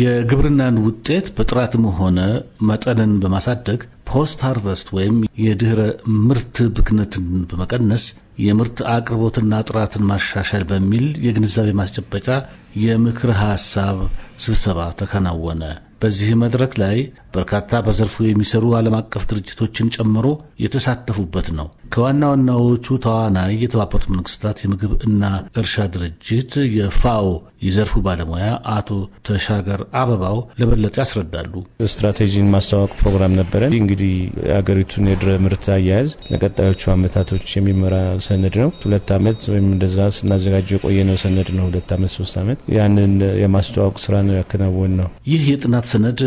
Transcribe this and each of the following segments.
የግብርናን ውጤት በጥራትም ሆነ መጠንን በማሳደግ ፖስት ሃርቨስት ወይም የድህረ ምርት ብክነትን በመቀነስ የምርት አቅርቦትና ጥራትን ማሻሻል በሚል የግንዛቤ ማስጨበጫ የምክር ሀሳብ ስብሰባ ተከናወነ። በዚህ መድረክ ላይ በርካታ በዘርፉ የሚሰሩ ዓለም አቀፍ ድርጅቶችን ጨምሮ የተሳተፉበት ነው። ከዋና ዋናዎቹ ተዋናይ የተባበሩት መንግስታት የምግብ እና እርሻ ድርጅት የፋኦ የዘርፉ ባለሙያ አቶ ተሻገር አበባው ለበለጠ ያስረዳሉ። ስትራቴጂን ማስተዋወቅ ፕሮግራም ነበረ። እንግዲህ አገሪቱን የድረ ምርት አያያዝ ለቀጣዮቹ አመታቶች የሚመራ ሰነድ ነው። ሁለት አመት ወይም እንደዛ ስናዘጋጀ የቆየነው ሰነድ ነው። ሁለት አመት ሶስት አመት ያንን የማስተዋወቅ ስራ ነው ያከናወን ነው። ይህ የጥናት ሰነድ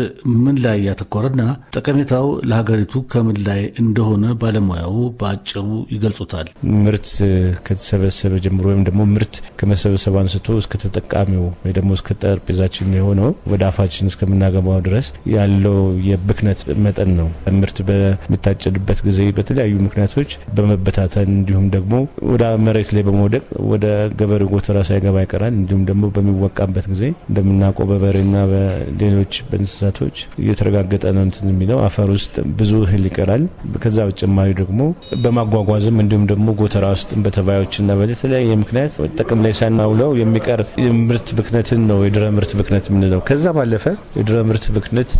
ምን ላይ ያተኮረና ጠቀሜታው ለሀገሪቱ ከምን ላይ እንደሆነ ባለሙያው በአጭሩ ይገልጹታል። ምርት ከተሰበሰበ ጀምሮ ወይም ደግሞ ምርት ከመሰበሰብ አንስቶ እስከ ተጠቃሚው ወይ ደግሞ እስከ ጠረጴዛችን የሆነው ወደ አፋችን እስከምናገባው ድረስ ያለው የብክነት መጠን ነው። ምርት በሚታጨድበት ጊዜ በተለያዩ ምክንያቶች በመበታተን እንዲሁም ደግሞ ወደ መሬት ላይ በመውደቅ ወደ ገበሬ ጎተራ ሳይገባ ይቀራል። እንዲሁም ደግሞ በሚወቃበት ጊዜ እንደምናውቀው በበሬና በሌሎች በእንስሳቶች እየተረጋገጠ ነው እንትን የሚለው አፈር ውስጥ ብዙ እህል ይቀራል። ከዛ በተጨማሪ ደግሞ በማጓጓዝም እንዲሁም ደግሞ ጎተራ ውስጥ በተባዮችና በተለያየ ምክንያት ጥቅም ላይ ሳናውለው የሚቀር ምርት ብክነትን ነው የድረ ምርት ብክነት የምንለው። ከዛ ባለፈ የድረ ምርት ብክነት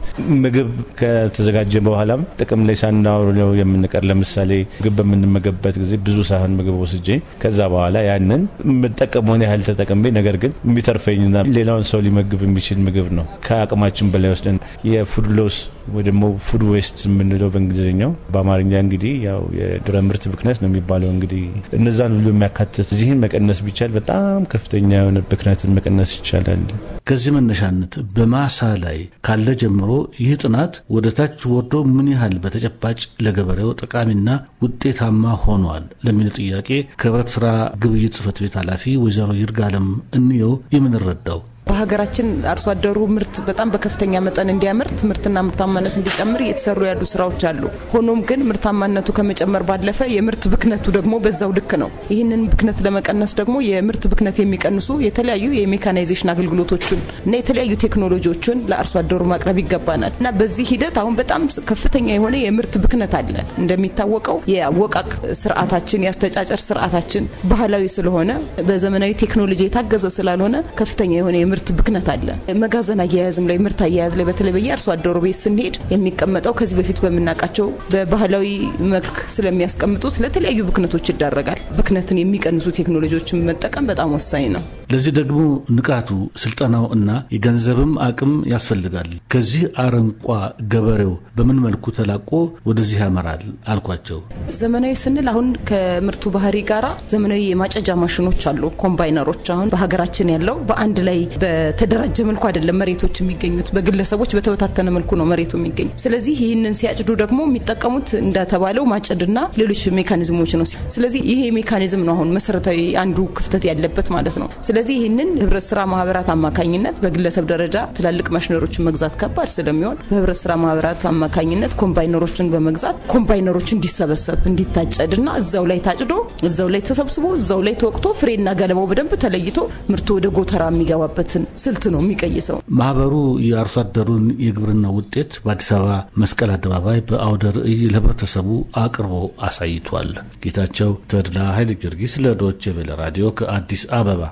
ምግብ ከተዘጋጀ በኋላም ጥቅም ላይ ሳናውለው የምንቀር ለምሳሌ ምግብ በምንመገብበት ጊዜ ብዙ ሳህን ምግብ ወስጄ ከዛ በኋላ ያንን የምጠቀመውን ያህል ተጠቅሜ ነገር ግን የሚተርፈኝና ሌላውን ሰው ሊመግብ የሚችል ምግብ ነው ከአቅማችን በላይ ላይ ወስደን የፉድ ሎስ ወይ ደግሞ ፉድ ዌስት የምንለው በእንግሊዝኛው በአማርኛ እንግዲህ ያው የድረ ምርት ብክነት ነው የሚባለው። እንግዲህ እነዛን ሁሉ የሚያካትት እዚህን መቀነስ ቢቻል በጣም ከፍተኛ የሆነ ብክነትን መቀነስ ይቻላል። ከዚህ መነሻነት በማሳ ላይ ካለ ጀምሮ ይህ ጥናት ወደ ታች ወርዶ ምን ያህል በተጨባጭ ለገበሬው ጠቃሚና ውጤታማ ሆኗል ለሚል ጥያቄ ከህብረት ስራ ግብይት ጽህፈት ቤት ኃላፊ ወይዘሮ ይርጋለም እንየው የምንረዳው በሀገራችን አርሶ አደሩ ምርት በጣም በከፍተኛ መጠን እንዲያመርት ምርትና ምርታማነት እንዲጨምር እየተሰሩ ያሉ ስራዎች አሉ። ሆኖም ግን ምርታማነቱ ከመጨመር ባለፈ የምርት ብክነቱ ደግሞ በዛው ልክ ነው። ይህንን ብክነት ለመቀነስ ደግሞ የምርት ብክነት የሚቀንሱ የተለያዩ የሜካናይዜሽን አገልግሎቶችን እና የተለያዩ ቴክኖሎጂዎችን ለአርሶ አደሩ ማቅረብ ይገባናል እና በዚህ ሂደት አሁን በጣም ከፍተኛ የሆነ የምርት ብክነት አለ። እንደሚታወቀው የአወቃቅ ስርዓታችን የአስተጫጨር ስርዓታችን ባህላዊ ስለሆነ በዘመናዊ ቴክኖሎጂ የታገዘ ስላልሆነ ከፍተኛ የሆነ የምርት የምርት ብክነት አለ። መጋዘን አያያዝም ላይ ምርት አያያዝ ላይ በተለይ በየ አርሶ አደሩ ቤት ስንሄድ የሚቀመጠው ከዚህ በፊት በምናውቃቸው በባህላዊ መልክ ስለሚያስቀምጡት ለተለያዩ ብክነቶች ይዳረጋል። ብክነትን የሚቀንሱ ቴክኖሎጂዎችን መጠቀም በጣም ወሳኝ ነው። ለዚህ ደግሞ ንቃቱ፣ ስልጠናው እና የገንዘብም አቅም ያስፈልጋል። ከዚህ አረንቋ ገበሬው በምን መልኩ ተላቆ ወደዚህ ያመራል አልኳቸው። ዘመናዊ ስንል አሁን ከምርቱ ባህሪ ጋር ዘመናዊ የማጨጃ ማሽኖች አሉ፣ ኮምባይነሮች። አሁን በሀገራችን ያለው በአንድ ላይ በተደራጀ መልኩ አይደለም መሬቶች የሚገኙት፣ በግለሰቦች በተበታተነ መልኩ ነው መሬቱ የሚገኝ። ስለዚህ ይህንን ሲያጭዱ ደግሞ የሚጠቀሙት እንደተባለው ማጨድና ሌሎች ሜካኒዝሞች ነው። ስለዚህ ይሄ ሜካኒዝም ነው አሁን መሰረታዊ አንዱ ክፍተት ያለበት ማለት ነው። ስለዚህ ይህንን ህብረት ስራ ማህበራት አማካኝነት በግለሰብ ደረጃ ትላልቅ መሽነሮችን መግዛት ከባድ ስለሚሆን በህብረት ስራ ማህበራት አማካኝነት ኮምባይነሮችን በመግዛት ኮምባይነሮች እንዲሰበሰብ እንዲታጨድና እዛው ላይ ታጭዶ እዛው ላይ ተሰብስቦ እዛው ላይ ተወቅቶ ፍሬና ገለባው በደንብ ተለይቶ ምርቱ ወደ ጎተራ የሚገባበትን ስልት ነው የሚቀይሰው። ማህበሩ የአርሶ አደሩን የግብርና ውጤት በአዲስ አበባ መስቀል አደባባይ በአውደ ርዕይ ለህብረተሰቡ አቅርቦ አሳይቷል። ጌታቸው ተድላ ኃይለ ጊዮርጊስ ለዶቼ ቬለ ራዲዮ ከአዲስ አበባ